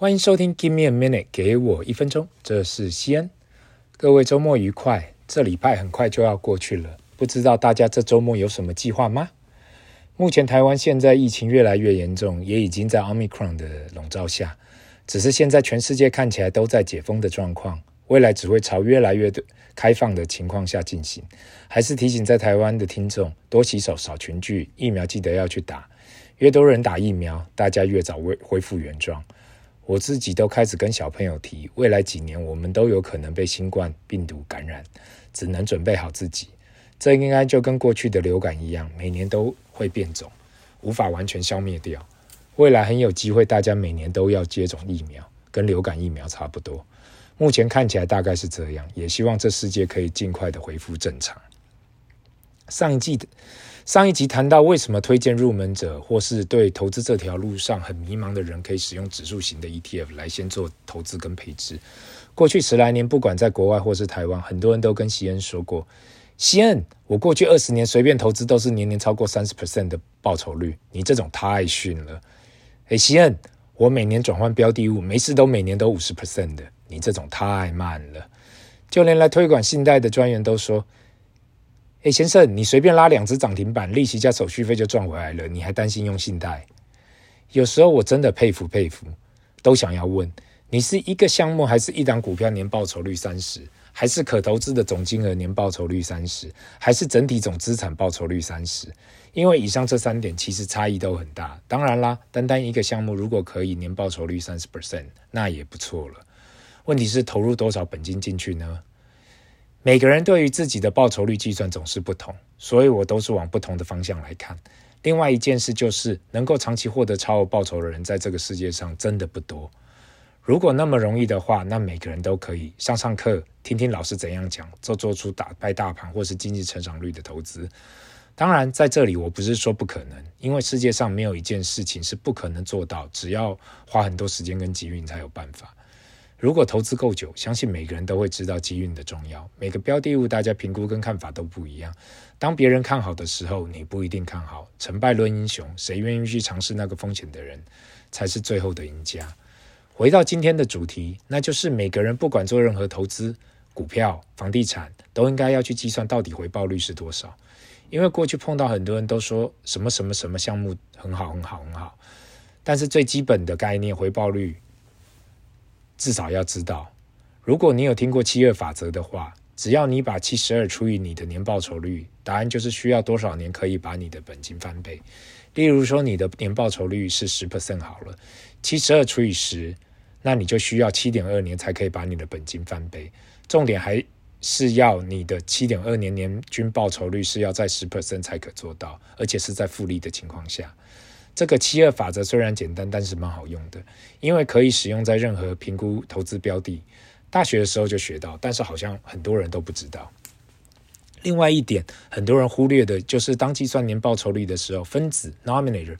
歡迎收聽《Give Me a Minute》，給我一分鐘。這是西安，各位周末愉快！這禮拜很快就要過去了，不知道大家這周末有什麼計劃嗎？目前台灣現在疫情越來越嚴重，也已經在 Omicron 的籠罩下。只是現在全世界看起來都在解封的狀況，未來只會朝越來越開放的情況下進行。還是提醒在台灣的聽眾多洗手、少群聚，疫苗記得要去打。越多人打疫苗，大家越早恢恢復原狀。我自己都開始跟小朋友提，未來幾年我們都有可能被新冠病毒感染，只能準備好自己。這應該就跟過去的流感一樣，每年都會變種，無法完全消滅掉。未來很有機會，大家每年都要接種疫苗，跟流感疫苗差不多。目前看起來大概是這樣，也希望這世界可以儘快的恢復正常。上一季的上一集談到，為什麼推薦入門者或是對投資這條路上很迷茫的人，可以使用指數型的 ETF 來先做投資跟配置。過去十來年，不管在國外或是台灣，很多人都跟西恩說過：“西恩，我過去二十年隨便投資都是年年超過三十 percent 的報酬率，你這種太遜了。”“哎，西恩，我每年轉換標的物，每次都每年都五十 percent 的，你這種太慢了。”就連來推廣信貸的專員都說。哎，先生，你隨便拉兩隻漲停板，利息加手續費就賺回來了。你還擔心用信貸？有時候我真的佩服佩服，都想要問，你是一個項目還是一檔股票，年報酬率三十，還是可投資的總金額年報酬率三十，還是整體總資產報酬率三十？因為以上這三點其實差異都很大。當然啦，單單一個項目如果可以年報酬率三十%，那也不錯了。問題是投入多少本金進去呢？每個人對於自己的報酬率計算總是不同，所以我都是往不同的方向來看。另外一件事就是，能夠長期獲得超額報酬的人，在這個世界上真的不多。如果那麼容易的話，那每個人都可以上上課，聽聽老師怎樣講，就做出打敗大盤或是經濟成長率的投資。當然，在這裡我不是說不可能，因為世界上沒有一件事情是不可能做到，只要花很多時間跟機運才有辦法。如果投資夠久，相信每個人都會知道機運的重要。每個標的物，大家評估跟看法都不一樣。當別人看好的時候，你不一定看好。成敗論英雄，誰願意去嘗試那個風險的人，才是最後的贏家。回到今天的主題，那就是每個人不管做任何投資，股票、房地產，都應該要去計算到底回報率是多少。因為過去碰到很多人都說什麼什麼什麼項目很好、很好、很好，但是最基本的概念回報率。至少要知道，如果你有聽過七二法則的話，只要你把七十二除以你的年報酬率，答案就是需要多少年可以把你的本金翻倍。例如說，你的年報酬率是十 percent 好了，七十二除以十，那你就需要七點二年才可以把你的本金翻倍。重點還是要你的七點二年年均報酬率是要在十 percent 才可做到，而且是在複利的情況下。這個七二法則雖然簡單，但是蠻好用的，因為可以使用在任何評估投資標的。大學的時候就學到，但是好像很多人都不知道。另外一點，很多人忽略的就是當計算年報酬率的時候，分子 （nominator）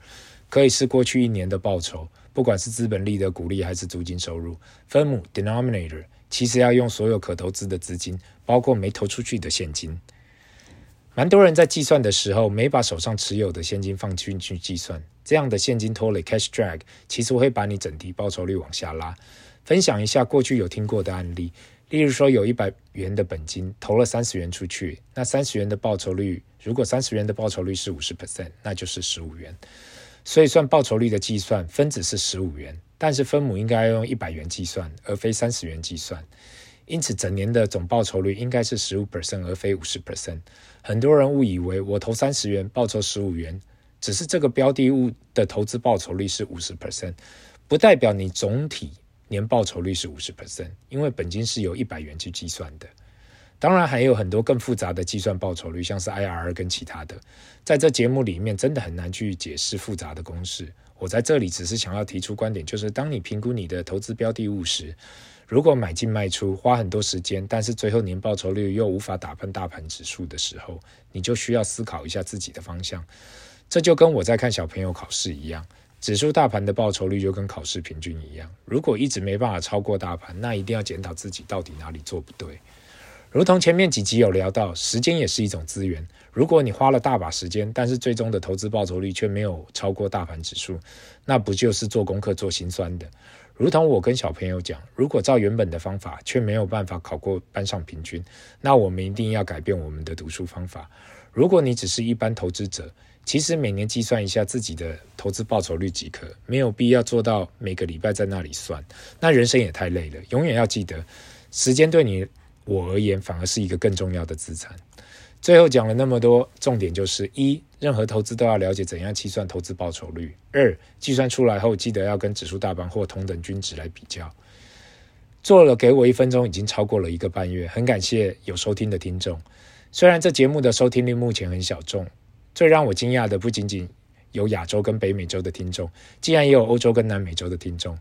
可以是過去一年的報酬，不管是資本利的股利還是租金收入；分母 （denominator） 其實要用所有可投資的資金，包括沒投出去的現金。蠻多人在計算的時候沒把手上持有的現金放進去計算。這樣的現金拖累 （cash drag） 其實我會把你整體報酬率往下拉。分享一下過去有聽過的案例，例如說有一百元的本金投了三十元出去，那三十元的報酬率，如果三十元的報酬率是五十 percent，那就是十五元。所以算報酬率的計算，分子是十五元，但是分母應該要用一百元計算，而非三十元計算。因此整年的總報酬率應該是十五 percent，而非五十 percent。很多人誤以為我投三十元，報酬十五元。只是這個標的物的投資報酬率是五十 percent，不代表你總體年報酬率是五十 percent，因為本金是由一百元去計算的。當然還有很多更複雜的計算報酬率，像是 IRR 跟其他的，在這節目裡面真的很難去解釋複雜的公式。我在這裡只是想要提出觀點，就是當你評估你的投資標的物時，如果買進賣出花很多時間，但是最後年報酬率又無法打穿大盤指數的時候，你就需要思考一下自己的方向。這就跟我在看小朋友考試一樣，指數大盤的報酬率就跟考試平均一樣。如果一直沒辦法超過大盤，那一定要檢討自己到底哪裡做不對。如同前面幾集有聊到，時間也是一種資源。如果你花了大把時間，但是最終的投資報酬率卻沒有超過大盤指數，那不就是做功課做心酸的？如同我跟小朋友講，如果照原本的方法卻沒有辦法考過班上平均，那我們一定要改變我們的讀書方法。如果你只是一般投資者，其實每年計算一下自己的投資報酬率即可，沒有必要做到每個禮拜在那裡算，那人生也太累了。永遠要記得，時間對你我而言反而是一個更重要的資產。最後講了那麼多，重點就是一，任何投資都要了解怎樣計算投資報酬率；二，計算出來後記得要跟指數大盤或同等均值來比較。做了給我一分鐘，已經超過了一個半月，很感謝有收聽的聽眾。雖然這節目的收聽率目前很小眾，最讓我驚訝的不僅僅有亞洲跟北美洲的聽眾，竟然也有歐洲跟南美洲的聽眾。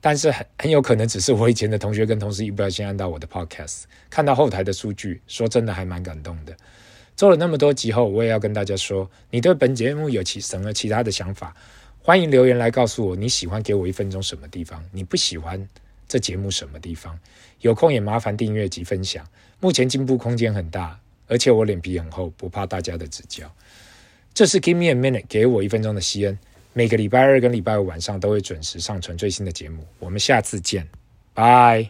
但是很很有可能只是我以前的同學跟同事一不小心按到我的 podcast，看到後台的數據，說真的還蠻感動的。做了那麼多集後，我也要跟大家說，你對本節目有其什麼其他的想法，歡迎留言來告訴我。你喜歡給我一分鐘什麼地方？你不喜歡這節目什麼地方？有空也麻煩訂閱及分享。目前進步空間很大，而且我臉皮很厚，不怕大家的指教。這是 Give me a minute，給我一分鐘的謝恩。每個禮拜二跟禮拜五晚上都會準時上傳最新的節目，我們下次見，拜。